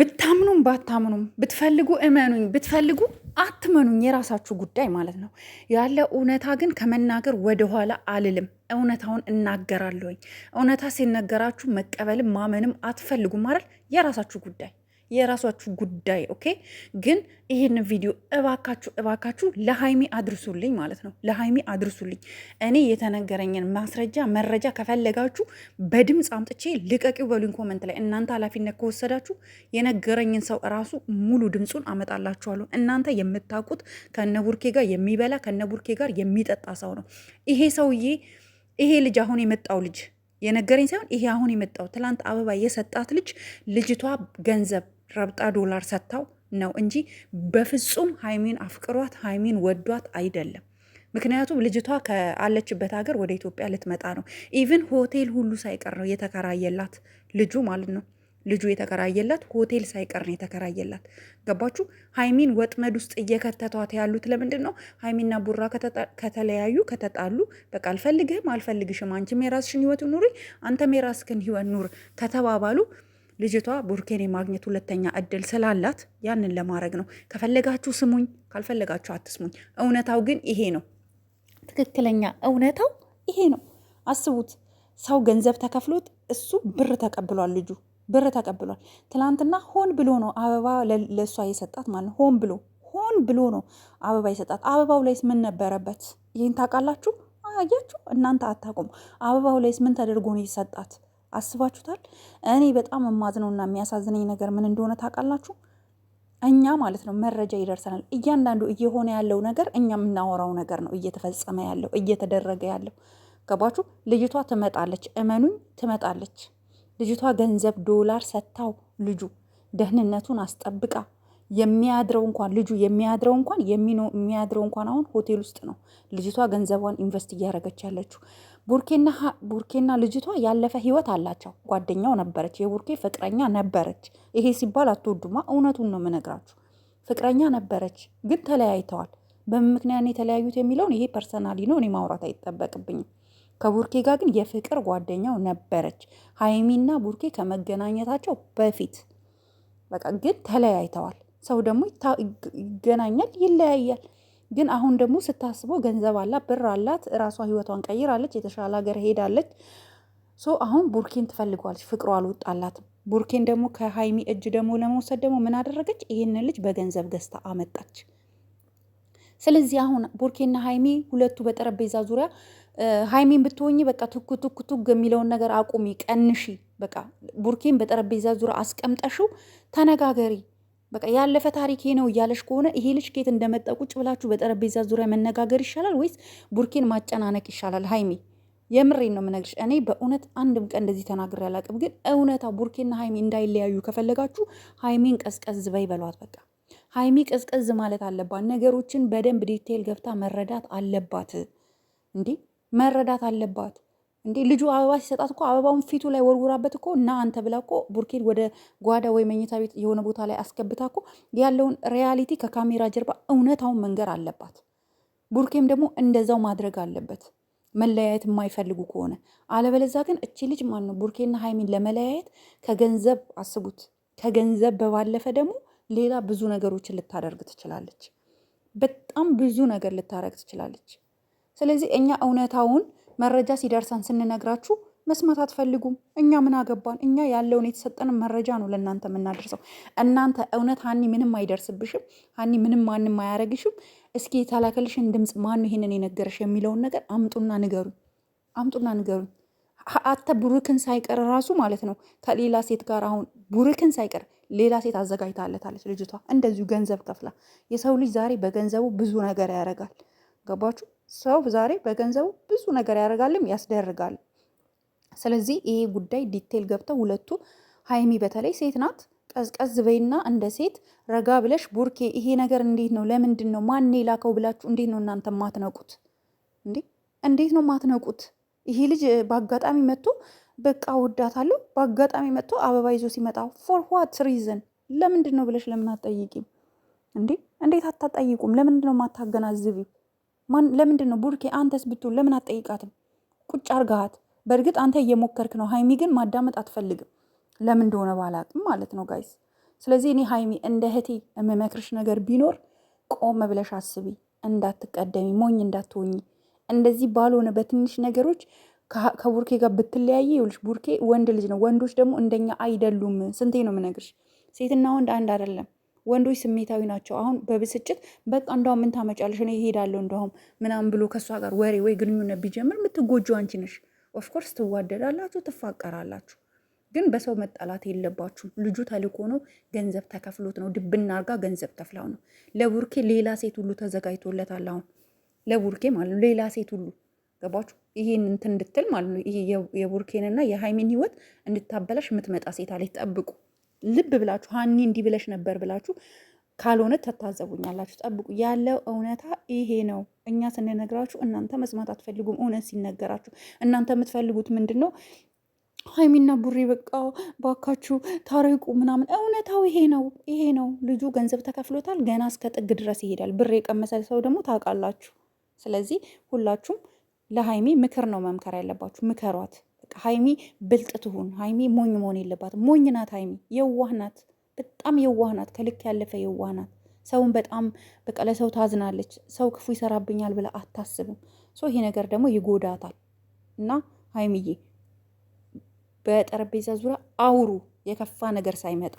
ብታምኑም ባታምኑም ብትፈልጉ እመኑኝ ብትፈልጉ አትመኑኝ የራሳችሁ ጉዳይ ማለት ነው። ያለ እውነታ ግን ከመናገር ወደኋላ አልልም። እውነታውን እናገራለሁኝ። እውነታ ሲነገራችሁ መቀበልም ማመንም አትፈልጉም አይደል? የራሳችሁ ጉዳይ የራሷችሁ ጉዳይ ኦኬ። ግን ይህን ቪዲዮ እባካችሁ እባካችሁ ለሀይሚ አድርሱልኝ ማለት ነው፣ ለሀይሚ አድርሱልኝ። እኔ የተነገረኝን ማስረጃ መረጃ ከፈለጋችሁ በድምፅ አምጥቼ ልቀቂው በሉኝ ኮመንት ላይ። እናንተ ኃላፊነት ከወሰዳችሁ የነገረኝን ሰው እራሱ ሙሉ ድምፁን አመጣላችኋለሁ። እናንተ የምታውቁት ከነቡርኬ ጋር የሚበላ ከነቡርኬ ጋር የሚጠጣ ሰው ነው ይሄ ሰውዬ። ይሄ ልጅ አሁን የመጣው ልጅ የነገረኝ ሳይሆን ይሄ አሁን የመጣው ትላንት አበባ የሰጣት ልጅ ልጅቷ ገንዘብ ረብጣ ዶላር ሰጥታው ነው እንጂ በፍጹም ሀይሚን አፍቅሯት ሀይሚን ወዷት አይደለም። ምክንያቱም ልጅቷ ከአለችበት ሀገር ወደ ኢትዮጵያ ልትመጣ ነው። ኢቭን ሆቴል ሁሉ ሳይቀር ነው የተከራየላት ልጁ ማለት ነው። ልጁ የተከራየላት ሆቴል ሳይቀር ነው የተከራየላት። ገባችሁ? ሀይሚን ወጥመድ ውስጥ እየከተቷት ያሉት ለምንድን ነው? ሀይሚና ቡራ ከተለያዩ ከተጣሉ፣ በቃ አልፈልግህም፣ አልፈልግሽም፣ አንቺም የራስሽን ህይወት ኑሪ፣ አንተም የራስክን ህይወት ኑር ከተባባሉ ልጅቷ ቡርኬን የማግኘት ሁለተኛ እድል ስላላት ያንን ለማድረግ ነው። ከፈለጋችሁ ስሙኝ፣ ካልፈለጋችሁ አትስሙኝ። እውነታው ግን ይሄ ነው። ትክክለኛ እውነታው ይሄ ነው። አስቡት፣ ሰው ገንዘብ ተከፍሎት እሱ ብር ተቀብሏል። ልጁ ብር ተቀብሏል። ትናንትና ሆን ብሎ ነው አበባ ለእሷ የሰጣት ማለት ነው። ሆን ብሎ ሆን ብሎ ነው አበባ የሰጣት። አበባው ላይስ ምን ነበረበት? ይህን ታውቃላችሁ? አያችሁ፣ እናንተ አታውቁም። አበባው ላይስ ምን ተደርጎ ነው የሰጣት? አስባችሁታል? እኔ በጣም የማዝነውና የሚያሳዝነኝ ነገር ምን እንደሆነ ታውቃላችሁ? እኛ ማለት ነው መረጃ ይደርሰናል። እያንዳንዱ እየሆነ ያለው ነገር እኛ የምናወራው ነገር ነው እየተፈጸመ ያለው እየተደረገ ያለው ገባችሁ? ልጅቷ ትመጣለች፣ እመኑኝ ትመጣለች። ልጅቷ ገንዘብ ዶላር ሰጥታው ልጁ ደህንነቱን አስጠብቃ የሚያድረው እንኳን ልጁ የሚያድረው እንኳን የሚያድረው እንኳን አሁን ሆቴል ውስጥ ነው። ልጅቷ ገንዘቧን ኢንቨስት እያደረገች ያለችው ቡርኬና ልጅቷ ያለፈ ህይወት አላቸው። ጓደኛው ነበረች፣ የቡርኬ ፍቅረኛ ነበረች። ይሄ ሲባል አትወዱማ፣ እውነቱን ነው የምነግራችሁ። ፍቅረኛ ነበረች፣ ግን ተለያይተዋል። በምን ምክንያት የተለያዩት የሚለውን ይሄ ፐርሰናሊ ነው፣ እኔ ማውራት አይጠበቅብኝም። ከቡርኬ ጋር ግን የፍቅር ጓደኛው ነበረች። ሀይሚና ቡርኬ ከመገናኘታቸው በፊት በቃ ግን ተለያይተዋል። ሰው ደግሞ ይገናኛል፣ ይለያያል። ግን አሁን ደግሞ ስታስበው ገንዘብ አላት፣ ብር አላት፣ እራሷ ህይወቷን ቀይራለች፣ የተሻለ ሀገር ሄዳለች። ሶ አሁን ቡርኬን ትፈልገዋለች፣ ፍቅሯ አልወጣላትም። ቡርኬን ደግሞ ከሀይሚ እጅ ደግሞ ለመውሰድ ደግሞ ምን አደረገች? ይህንን ልጅ በገንዘብ ገዝታ አመጣች። ስለዚህ አሁን ቡርኬና ሀይሚ ሁለቱ በጠረጴዛ ዙሪያ ሀይሚን ብትወኝ በቃ ትኩ ትኩ ትኩ የሚለውን ነገር አቁሚ፣ ቀንሺ። በቃ ቡርኬን በጠረጴዛ ዙሪያ አስቀምጠሽው ተነጋገሪ። በቃ ያለፈ ታሪኬ ነው እያለሽ ከሆነ ይሄ ልጅ ኬት እንደመጣ ቁጭ ብላችሁ በጠረጴዛ ዙሪያ መነጋገር ይሻላል ወይስ ቡርኬን ማጨናነቅ ይሻላል? ሀይሚ የምሬን ነው የምነግርሽ። እኔ በእውነት አንድም ቀን እንደዚህ ተናግሬ አላውቅም። ግን እውነታ ቡርኬና ሀይሚ እንዳይለያዩ ከፈለጋችሁ ሀይሚን ቀዝቀዝ በይ በሏት። በቃ ሀይሚ ቀዝቀዝ ማለት አለባት። ነገሮችን በደንብ ዲቴይል ገብታ መረዳት አለባት። እንዴ መረዳት አለባት። እንዴ ልጁ አበባ ሲሰጣት እኮ አበባውን ፊቱ ላይ ወርውራበት እኮ እና አንተ ብላ እኮ ቡርኬን ወደ ጓዳ ወይ መኝታ ቤት የሆነ ቦታ ላይ አስገብታ እኮ ያለውን ሪያሊቲ ከካሜራ ጀርባ እውነታውን መንገር አለባት። ቡርኬም ደግሞ እንደዛው ማድረግ አለበት መለያየት የማይፈልጉ ከሆነ አለበለዛ ግን እቺ ልጅ ማን ነው ቡርኬና ሀይሚን ለመለያየት ከገንዘብ አስቡት፣ ከገንዘብ በባለፈ ደግሞ ሌላ ብዙ ነገሮችን ልታደርግ ትችላለች። በጣም ብዙ ነገር ልታደርግ ትችላለች። ስለዚህ እኛ እውነታውን መረጃ ሲደርሰን ስንነግራችሁ መስማት አትፈልጉም። እኛ ምን አገባን? እኛ ያለውን የተሰጠንን መረጃ ነው ለእናንተ የምናደርሰው። እናንተ እውነት ሀኒ ምንም አይደርስብሽም፣ ሀኒ ምንም ማንም አያረግሽም። እስኪ የተላከልሽን ድምፅ ማነው ይሄንን የነገረሽ የሚለውን ነገር አምጡና ንገሩኝ፣ አምጡና ንገሩኝ። አተ ቡርክን ሳይቀር ራሱ ማለት ነው ከሌላ ሴት ጋር አሁን ቡርክን ሳይቀር ሌላ ሴት አዘጋጅታለታለች ልጅቷ፣ እንደዚሁ ገንዘብ ከፍላ። የሰው ልጅ ዛሬ በገንዘቡ ብዙ ነገር ያደርጋል። ገባችሁ? ሰው ዛሬ በገንዘቡ ብዙ ነገር ያደርጋልም ያስደርጋል። ስለዚህ ይሄ ጉዳይ ዲቴል ገብተው ሁለቱ ሀይሚ በተለይ ሴት ናት ቀዝቀዝ በይና እንደ ሴት ረጋ ብለሽ ቡርኬ፣ ይሄ ነገር እንዴት ነው ለምንድን ነው ማን ላከው ብላችሁ እንዴት ነው እናንተ ማትነቁት? እንዴ እንዴት ነው ማትነቁት? ይሄ ልጅ በአጋጣሚ መጥቶ በቃ ወዳታለሁ በአጋጣሚ መጥቶ አበባ ይዞ ሲመጣ ፎር ዋት ሪዝን ለምንድን ነው ብለሽ ለምን አትጠይቂም? እንዴ እንዴት አታጠይቁም? ለምንድን ነው ማታገናዝቢ? ማን ለምንድን ነው ቡርኬ፣ አንተስ ብትሆን ለምን አትጠይቃትም? ቁጭ አርጋሃት። በእርግጥ አንተ እየሞከርክ ነው። ሀይሚ ግን ማዳመጥ አትፈልግም። ለምን እንደሆነ ባላቅም ማለት ነው ጋይስ። ስለዚህ እኔ ሀይሚ እንደ እህቴ የምመክርሽ ነገር ቢኖር ቆም ብለሽ አስቢ፣ እንዳትቀደሚ፣ ሞኝ እንዳትሆኝ። እንደዚህ ባልሆነ በትንሽ ነገሮች ከቡርኬ ጋር ብትለያየ፣ ይኸውልሽ ቡርኬ ወንድ ልጅ ነው። ወንዶች ደግሞ እንደኛ አይደሉም። ስንቴ ነው የምነግርሽ? ሴትና ወንድ አንድ አይደለም። ወንዶች ስሜታዊ ናቸው። አሁን በብስጭት በቃ እንደውም ምን ታመጫለሽ እኔ እሄዳለሁ እንደውም ምናምን ብሎ ከእሷ ጋር ወሬ ወይ ግንኙነት ቢጀምር የምትጎጂው አንቺ ነሽ። ኦፍኮርስ ትዋደዳላችሁ፣ ትፋቀራላችሁ፣ ግን በሰው መጣላት የለባችሁም። ልጁ ተልኮ ነው፣ ገንዘብ ተከፍሎት ነው፣ ድብና አርጋ ገንዘብ ተፍላው ነው። ለቡርኬ ሌላ ሴት ሁሉ ተዘጋጅቶለታል። አሁን ለቡርኬ ማለት ነው ሌላ ሴት ሁሉ ገባችሁ? ይሄን እንትን እንድትል ማለት ነው። ይሄ የቡርኬንና የሃይሜን ህይወት እንድታበላሽ የምትመጣ ሴት አለች፣ ጠብቁ። ልብ ብላችሁ ሀኒ እንዲህ ብለሽ ነበር ብላችሁ ካልሆነ ተታዘቡኛላችሁ። ጠብቁ። ያለው እውነታ ይሄ ነው። እኛ ስንነግራችሁ እናንተ መስማት አትፈልጉም። እውነት ሲነገራችሁ እናንተ የምትፈልጉት ምንድን ነው? ሀይሚና ቡሬ በቃ ባካችሁ ታረቁ ምናምን። እውነታው ይሄ ነው፣ ይሄ ነው። ልጁ ገንዘብ ተከፍሎታል። ገና እስከ ጥግ ድረስ ይሄዳል። ብር የቀመሰ ሰው ደግሞ ታውቃላችሁ። ስለዚህ ሁላችሁም ለሀይሚ ምክር ነው መምከር ያለባችሁ፣ ምከሯት። በቃ ሀይሚ ብልጥ ትሁን። ሀይሚ ሞኝ መሆን የለባትም። ሞኝ ናት ሀይሚ፣ የዋህ ናት፣ በጣም የዋህ ናት፣ ከልክ ያለፈ የዋህ ናት። ሰውን በጣም በቃ ለሰው ታዝናለች። ሰው ክፉ ይሰራብኛል ብላ አታስብም። ሶ ይሄ ነገር ደግሞ ይጎዳታል። እና ሀይሚዬ በጠረጴዛ ዙሪያ አውሩ የከፋ ነገር ሳይመጣ